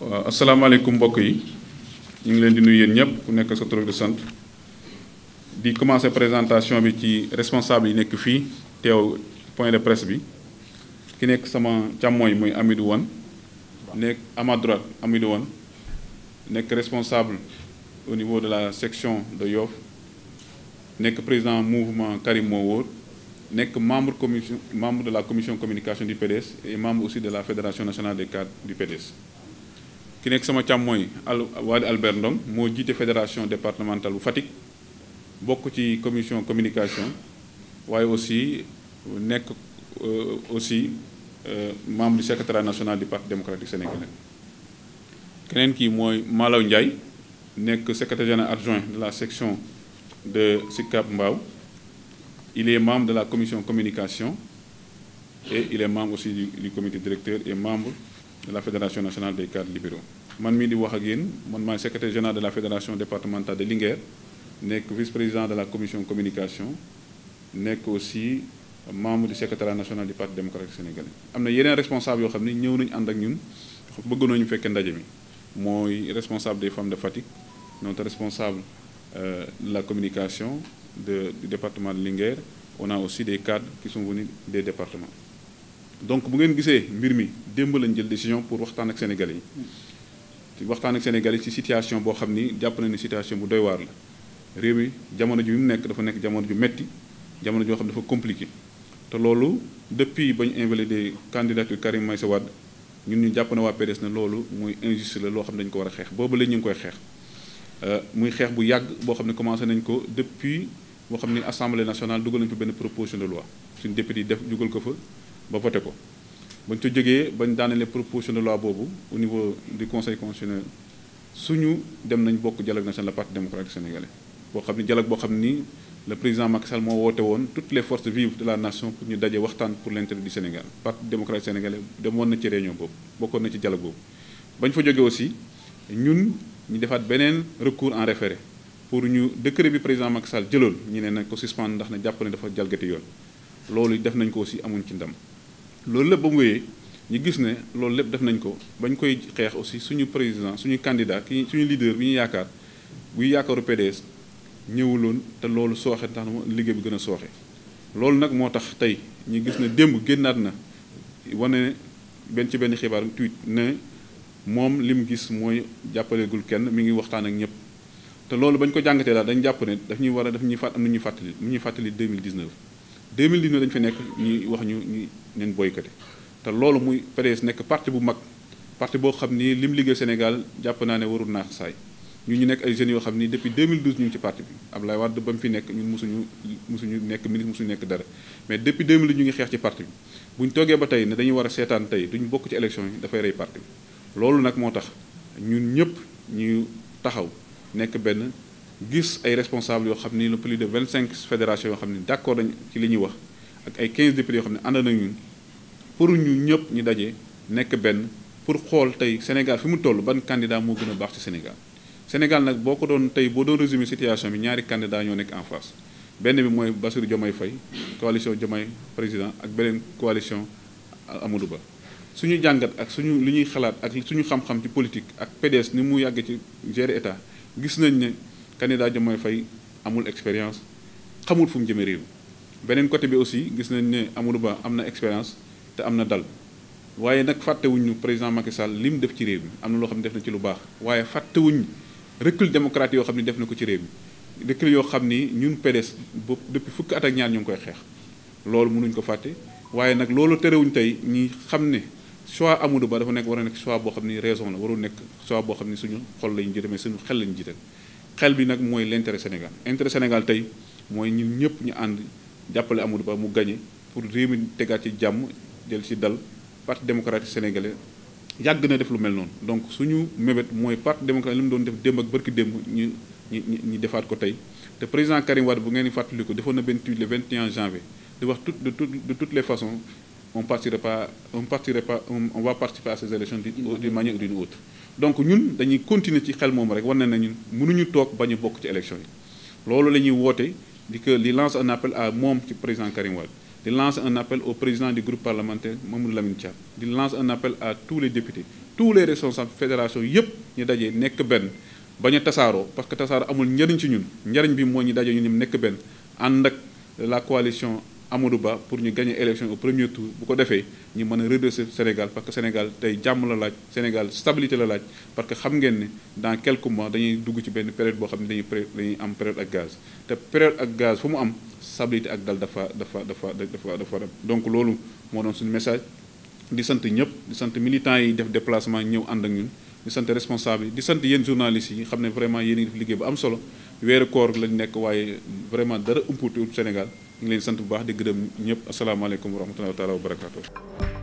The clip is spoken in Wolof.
waaw asalaamaaleykum mbokk yi ñu ngi leen di nuyu yéen ñëpp ku nekk sa tur de sant di commencer présentation bi ci responsable yi nekk fii teew point de presse bi ki nekk sama càmmooñ muy Amidou Wane nekk à ma droite Amidou nekk responsable au niveau de la section de Yoff nekk président mouvement Karim Moo Wóor nekk membre commission membre de la commission communication du PDS et membre aussi de la fédération nationale des cadres du PDS. ki nekk sama càmmooy al Wali Albert Ndong moo jiite fédération départementale bu Fatick bokk ci commission communication waaye aussi nekk euh, aussi euh, membre du secrétariat national du parti démocratique sénégalais. keneen kii mooy Malaw Ndiaye nekk secrétaire général adjoint de la section de Sicap Mbao. Il est membre de la commission communication et il est membre aussi du, du comité directeur et de la Fédération nationale des cadres libéraux. man mii di wax ak yéen man maay secrétaire général de la fédération départementale de Linguère nekk vice-président de la commission communication nekk aussi membre du secrétariat national du parti démocratique sénégalais. am na yeneen responsable yoo xam ni ñëw nañu ànd ak ñun bëgg nañu fekkee ndaje mi mooy responsable des femmes de Fatick notre responsable euh, de la communication. de, du département de Linguère on a aussi des cadres qui sont venus des départements donc bu ngeen gisee mbir mi démb lañ jël décision pour waxtaan ak Sénégalais yi waxtaan ak Sénégalais yi ci situation boo xam ni jàpp na ni bu doy la réew mi jamono ji mu nekk dafa nekk jamono ju metti jamono joo xam dafa compliqué te loolu depuis ba ñu invalidé candidature Karim Meïssa Wade ñun ñu jàpp na waa PDS na loolu muy injuste la loo xam ne dañu ko war a xeex boobu la ñu ngi koy xeex euh, muy xeex bu yàgg boo xam ne commencé nañ ko depuis boo xam ni assemblée nationale dugal nañu fa benn proposition de loi suñu député def dugal ko fa ba voté ko bañ ko jógee bañ daanalee proposition de loi boobu au niveau du conseil constitutionnel suñu dem nañ bokk dialogue national parti démocratique sénégalais boo xam ni dialogue boo xam ni le président Macky Sall woote woon toutes les forces vives de la nation pour ñu daje waxtaan pour l'intérêt du Sénégal parti démocratique sénégalais demoon na ci réunion boobu bokkoon na ci dialogue bañ fa jógee aussi ñun ñu defaat beneen recours en référé. pour ñu décret bi président Macky Sall jëloon ñu ne nañ ko suspendre ndax ne jàppale ne dafa jalgati yoon loolu def nañ ko aussi amuñ ci ndam loolu lépp ba mu wéyee ñu gis ne loolu lépp def nañ ko bañ koy xeex aussi suñu président suñu candidat ki suñu leader bi ñu yaakaar buy yaakaaru PDS ñëwuloon te loolu sooxee tax na liggéey bu gën a sooxee loolu nag moo tax tey ñu gis ne démb génn génnaat na wane benn ci benn xibaar tweet ne moom li mu gis mooy jàppaleegul kenn mi ngi waxtaan ak ñëpp te loolu bañ ko jàngatee daal dañ jàpp ne daf ñuy war a daf ñuy fàtt am na ñuy fàttali mu ñuy fàttali 2019 2019 dañu fi nekk ñuy wax ñu ñu neen boycotté te loolu muy PDS nekk parti bu mag parti boo xam ni lim liggéey Sénégal jàpp naa ne warul naax saay ñu ñu nekk ay jeunes yoo xam ni depuis 2012 ñu ngi ci parti bi Abdoulaye Wade ba mu fi nekk ñun mosuñu mosuñu nekk ministre mosuñu nekk dara mais depuis 2012 ñu ngi xeex ci parti bi bu ñu toogee ba tey ne dañuy war a seetaan tey duñu bokk ci élection yi dafay rey parti bi loolu nag moo tax ñun ñëpp ñu taxaw nekk benn gis ay responsable yoo xam ni le plus de vingt cinq fédération yoo xam ni d'accord nañ ci li ñuy wax ak ay quinze députés yoo xam ne ànd nañu pour ñu ñëpp ñu dajee nekk benn pour xool tey Sénégal fi mu toll ban candidat moo gën a baax ci Sénégal Sénégal nag boo ko doon tey boo doon résumé situation bi ñaari candidat ñoo nekk en face benn bi mooy Bassirou Diomaye Faye coalition Diomaye président ak beneen coalition Amadou Ba suñu jàngat ak suñu li ñuy xalaat ak suñu xam ci politique ak ni mu yàggee ci gérer état gis nañ ne candidat mooy fay amul expérience xamul fu mu jëmee réew beneen côté bi aussi gis nañ ne Amadou Ba am na expérience te am na dal waaye nag fàttewuñu président Macky Sall li mu def ci réew mi am na loo xam ne def na ci lu baax waaye fàttewuñu recul démocrate yoo xam ne def na ko ci réew mi recul yoo xam ni ñun PDS bopp depuis fukki at ak ñaar ñu ngi koy xeex loolu mënuñ ko fàtte waaye nag loolu terewuñ tey ñi xam ne choix Amadou Ba dafa nekk war a nekk choix boo xam ne raison la warul nekk choix boo xam ni suñu xol lañu jiite mais suñu xel lañu jiital xel bi nag mooy l'intérêt Sénégal intérêt Sénégal tey mooy ñun ñëpp ñu ànd jàppale Amadou Ba mu gagné pour réew tegaat ci jàmm jël ci dal parti démocratique sénégalais yàgg na def lu mel noonu donc suñu mébét mooy parti démocratique li mu doon def démb ak bërki démb ñu ñu ñu defaat ko tey te président Karim Wade bu ngeen di fàttaliku defoon na benn tweet le 21 janvier di wax tout de les façons on partirait pas on partirait pas on va participer à ces élections d'une manière ou d'une autre donc ñun dañuy continuer ci xel moom rek war na ne ñun mënuñu toog bañ a bokk ci élection yi loolu la ñuy woote di li lance un appel à moom ci président Karim Wade di lance un appel au président du groupe parlementaire Mamadou Lamine Thiam di lance un appel à tous les députés tous les responsables fédération yépp ñu dajee nekk benn bañ a tasaaroo parce que tasaaroo amul njariñ ci ñun njariñ bi moo ñu dajee ñun ñëpp nekk benn la coalition Amadou Ba pour ñu gagner élection au premier tour bu ko defee ñu mën a redresser Sénégal parce que Sénégal tey jàmm la laaj Sénégal stabilité la laaj parce que xam ngeen ne dans quelques mois dañuy dugg ci benn période boo xam ne dañuy dañuy am période ak gaz te période ak gaz fu mu am stabilité ak dal dafa dafa dafa dafa dafa rab donc loolu moo doon suñu message di sant ñëpp di sant militants yi def déplacement ñëw ànd ak ñun di sant responsable di sant yéen journalistes yi xam ne vraiment yéen a ngi def bu am solo weeru koor lañ nekk waaye vraiment dara umpute Sénégal ngi leen sant bu baax di gërëm ñëpp asalaamaaleykum wa rahmatullahi taala wa barakaatu.